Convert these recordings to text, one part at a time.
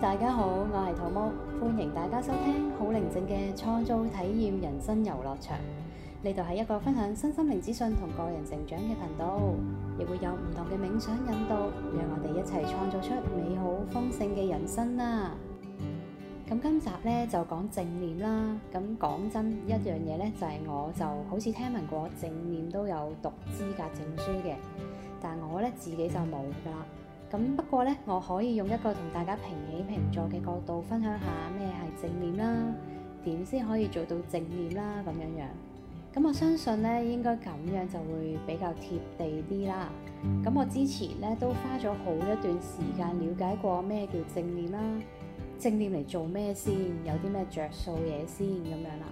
大家好，我係桃木，歡迎大家收聽好寧靜嘅創造體驗人生遊樂場。呢度係一個分享新心靈資訊同個人成長嘅頻道，亦會有唔同嘅冥想引導，讓我哋一齊創造出美好豐盛嘅人生啦。咁今集咧就講正念啦。咁講真，一樣嘢咧就係我就好似聽聞過正念都有讀資格證書嘅，但我咧自己就冇噶啦。咁不過咧，我可以用一個同大家平起平坐嘅角度分享下咩係正念啦，點先可以做到正念啦咁樣樣。咁我相信咧，應該咁樣就會比較貼地啲啦。咁我之前咧都花咗好一段時間了解過咩叫正念啦，正念嚟做咩先，有啲咩着數嘢先咁樣啦。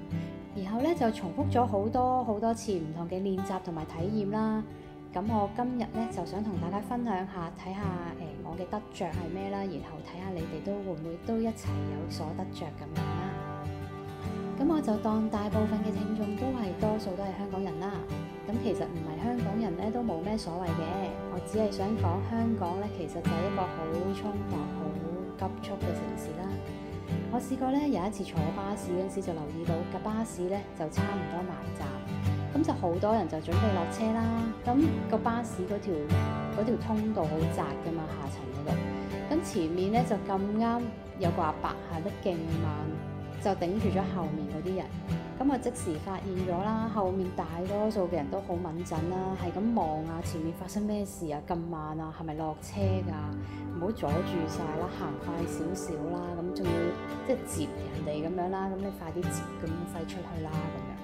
然後咧就重複咗好多好多次唔同嘅練習同埋體驗啦。咁我今日咧就想同大家分享下，睇下誒我嘅得着係咩啦，然後睇下你哋都會唔會都一齊有所得着咁樣啦。咁我就當大部分嘅聽眾都係多數都係香港人啦。咁其實唔係香港人咧都冇咩所謂嘅。我只係想講香港咧，其實就係一個好匆忙、好急促嘅城市啦。我試過咧有一次坐巴士嗰陣時，就留意到架巴士咧就差唔多埋站。咁就好多人就準備落車啦。咁個巴士嗰條嗰條通道好窄噶嘛，下層嗰度。咁前面咧就咁啱有個阿伯行得勁慢，就頂住咗後面嗰啲人。咁啊即時發現咗啦，後面大多數嘅人都好敏銳啦，係咁望啊，前面發生咩事啊？咁慢啊，係咪落車㗎？唔好阻住晒啦，行快少少啦。咁仲要即係接人哋咁樣啦，咁你快啲接咁樣快出去啦咁樣。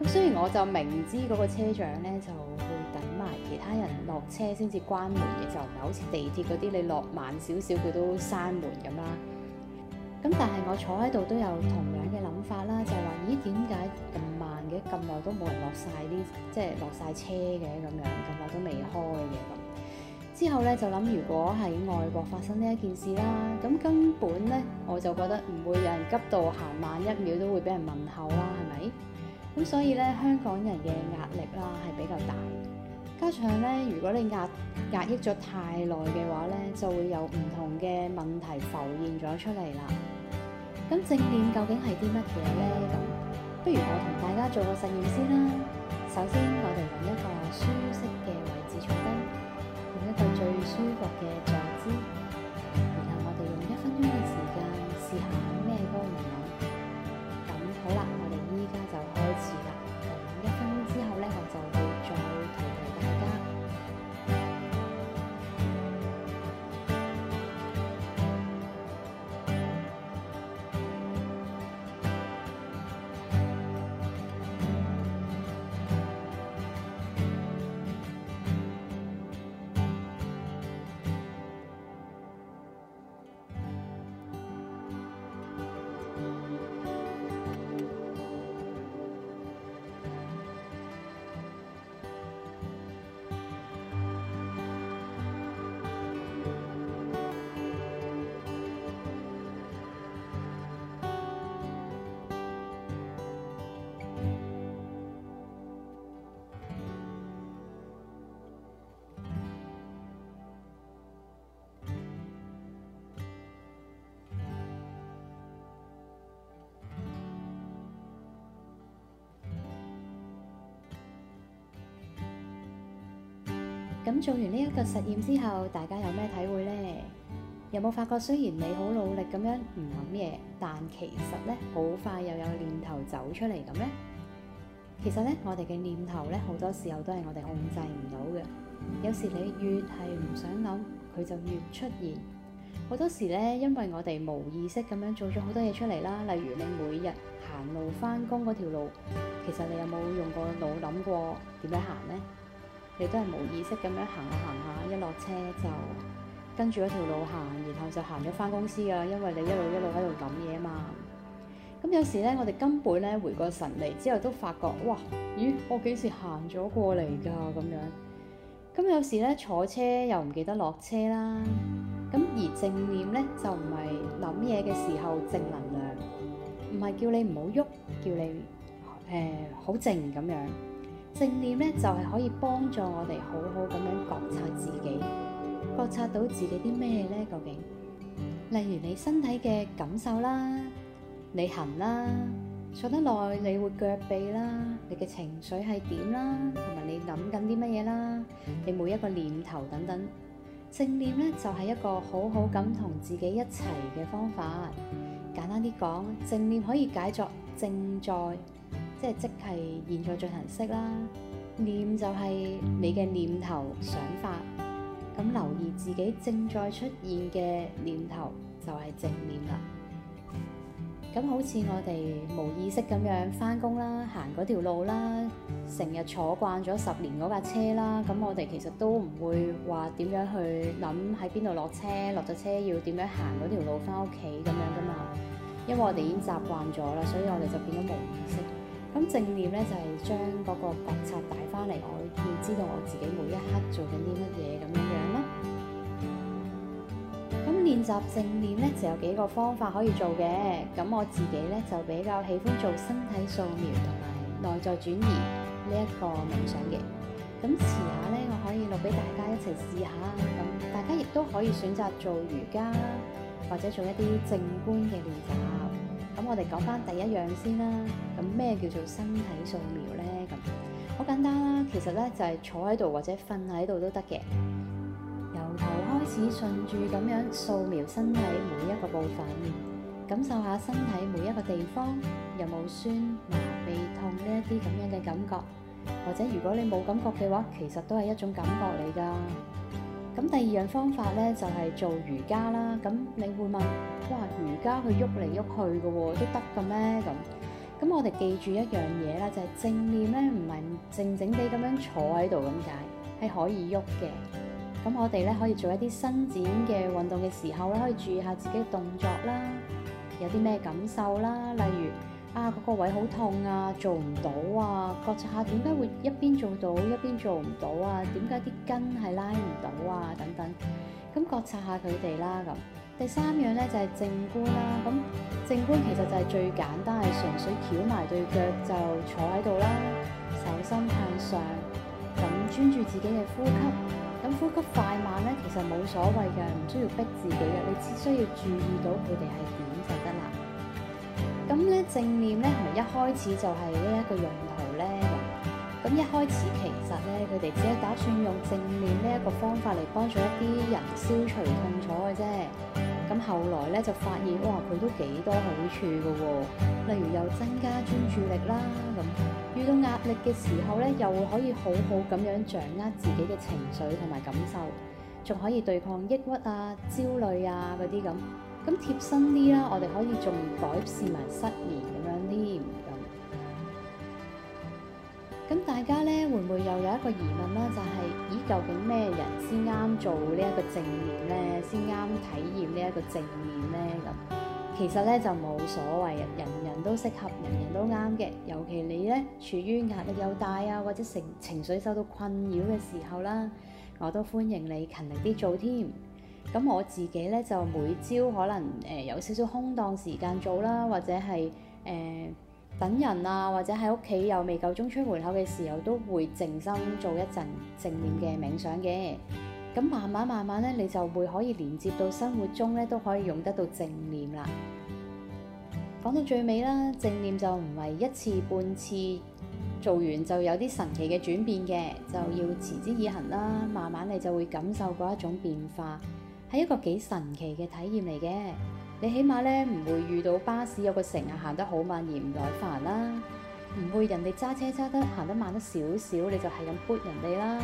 咁雖然我就明知嗰個車長咧就會等埋其他人落車先至關門嘅，就唔係好似地鐵嗰啲，你落慢少少佢都閂門咁啦。咁但係我坐喺度都有同樣嘅諗法啦，就係話：咦，點解咁慢嘅？咁耐都冇人落晒啲，即係落晒車嘅咁樣，咁耐都未開嘅咁。之後咧就諗，如果喺外國發生呢一件事啦，咁根本咧我就覺得唔會有人急到行慢一秒都會俾人問候啦，係咪？咁所以咧，香港人嘅壓力啦係比較大，加上咧，如果你壓壓抑咗太耐嘅話咧，就會有唔同嘅問題浮現咗出嚟啦。咁正念究竟係啲乜嘢咧？咁不如我同大家做個實驗先啦。首先，我哋揾一個舒適嘅位置坐低，用一個最舒服嘅坐姿。咁做完呢一個實驗之後，大家有咩體會呢？有冇發覺雖然你好努力咁樣唔諗嘢，但其實咧，好快又有念頭走出嚟咁呢？其實咧，我哋嘅念頭咧，好多時候都係我哋控制唔到嘅。有時你越係唔想諗，佢就越出現。好多時咧，因為我哋冇意識咁樣做咗好多嘢出嚟啦。例如你每日行路翻工嗰條路，其實你有冇用過腦諗過點樣行呢？你都係冇意識咁樣行下行下，一落車就跟住嗰條路行，然後就行咗翻公司噶。因為你一路一路喺度諗嘢嘛。咁有時咧，我哋根本咧回過神嚟之後，都發覺哇，咦，我幾時行咗過嚟噶咁樣？咁有時咧，坐車又唔記得落車啦。咁而正念咧就唔係諗嘢嘅時候，正能量唔係叫你唔好喐，叫你誒好、呃、靜咁樣。正念咧就係可以幫助我哋好好咁樣覺察自己，覺察到自己啲咩咧？究竟，例如你身體嘅感受啦，你痕啦，坐得耐你會腳痹啦，你嘅情緒係點啦，同埋你諗緊啲乜嘢啦，你每一個念頭等等。正念咧就係一個好好咁同自己一齊嘅方法。簡單啲講，正念可以解作正在。即係即係現在進行式啦。念就係你嘅念頭想法，咁留意自己正在出現嘅念頭就係、是、正念啦。咁好似我哋無意識咁樣翻工啦，行嗰條路啦，成日坐慣咗十年嗰架車啦，咁我哋其實都唔會話點樣去諗喺邊度落車，落咗車要點樣行嗰條路翻屋企咁樣噶嘛。因為我哋已經習慣咗啦，所以我哋就變咗無意識。咁正念咧就係將嗰個覺察帶翻嚟，我要知道我自己每一刻做緊啲乜嘢咁樣樣啦。咁練習正念咧就有幾個方法可以做嘅，咁我自己咧就比較喜歡做身體掃描同埋內在轉移呢一個冥想嘅。咁遲下咧我可以錄俾大家一齊試下，咁大家亦都可以選擇做瑜伽或者做一啲正觀嘅練習。咁我哋講翻第一樣先啦。咁咩叫做身體掃描咧？咁好簡單啦、啊，其實咧就係、是、坐喺度或者瞓喺度都得嘅。由頭開始順住咁樣掃描身體每一個部分，感受下身體每一個地方有冇酸、麻、痹痛呢一啲咁樣嘅感覺。或者如果你冇感覺嘅話，其實都係一種感覺嚟噶。咁第二樣方法咧就係、是、做瑜伽啦。咁你會問？哇！瑜伽佢喐嚟喐去嘅喎，都得嘅咩咁？咁我哋記住一樣嘢啦，就係正念咧，唔係靜靜地咁樣坐喺度咁解，係可以喐嘅。咁我哋咧可以做一啲伸展嘅運動嘅時候咧，可以注意下自己嘅動作啦，有啲咩感受啦？例如啊，嗰個位好痛啊，做唔到啊，覺察下點解會一邊做到一邊做唔到啊？點解啲筋係拉唔到啊？等等，咁覺察下佢哋啦咁。第三樣咧就係、是、靜觀啦，咁、嗯、靜觀其實就係最簡單，係純粹翹埋對腳就坐喺度啦，手心向上，咁、嗯、專注自己嘅呼吸，咁、嗯、呼吸快慢咧其實冇所謂嘅，唔需要逼自己嘅，你只需要注意到佢哋係點就得啦。咁、嗯、咧正念咧，係咪一開始就係呢一個用途咧，咁、嗯嗯、一開始其實咧佢哋只係打算用正念呢一個方法嚟幫助一啲人消除痛楚嘅啫。咁後來咧就發現，哇！佢都幾多好處㗎喎、哦，例如又增加專注力啦，咁遇到壓力嘅時候咧，又可以好好咁樣掌握自己嘅情緒同埋感受，仲可以對抗抑鬱啊、焦慮啊嗰啲咁。咁貼身啲啦，我哋可以仲改善埋失眠。會又有一個疑問啦，就係、是、咦，究竟咩人先啱做呢一個正念呢？先啱體驗呢一個正念呢？」咁其實咧就冇所謂人人都適合，人人都啱嘅。尤其你咧處於壓力又大啊，或者成情緒受到困擾嘅時候啦，我都歡迎你勤力啲做添。咁我自己咧就每朝可能誒、呃、有少少空檔時間做啦，或者係誒，呃等人啊，或者喺屋企又未夠鐘出門口嘅時候，都會靜心做一陣正念嘅冥想嘅。咁慢慢慢慢咧，你就會可以連接到生活中咧，都可以用得到正念啦。講到最尾啦，正念就唔係一次半次做完就有啲神奇嘅轉變嘅，就要持之以恆啦。慢慢你就會感受過一種變化，係一個幾神奇嘅體驗嚟嘅。你起碼咧唔會遇到巴士有個乘客行得好慢而唔耐煩啦，唔會人哋揸車揸得行得慢得少少你就係咁撥人哋啦。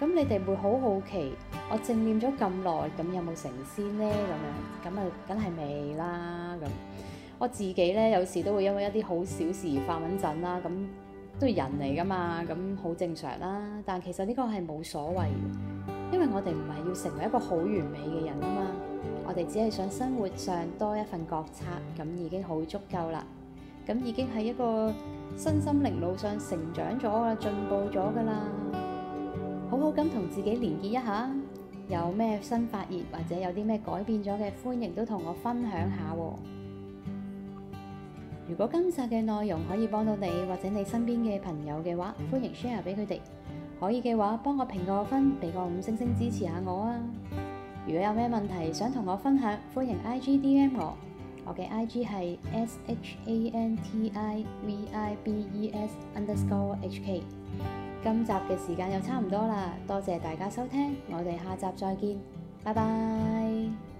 咁你哋會好好奇，我正念咗咁耐，咁有冇成仙咧？咁樣咁啊，梗係未啦。咁我自己咧有時都會因為一啲好小事而發緊陣啦。咁都係人嚟噶嘛，咁好正常啦。但其實呢個係冇所謂，因為我哋唔係要成為一個好完美嘅人啊嘛。我哋只係想生活上多一份覺察，咁已經好足夠啦。咁已經係一個身心靈路上成長咗啦，進步咗噶啦。好好咁同自己連結一下，有咩新發現或者有啲咩改變咗嘅，歡迎都同我分享下。如果今集嘅內容可以幫到你或者你身邊嘅朋友嘅話，歡迎 share 俾佢哋。可以嘅話，幫我評個分，俾個五星星支持下我啊！如果有咩問題想同我分享，歡迎 I G D M 我，我嘅 I G 係 S H A N T I V I B E S underscore H K。今集嘅時間又差唔多啦，多謝大家收聽，我哋下集再見，拜拜。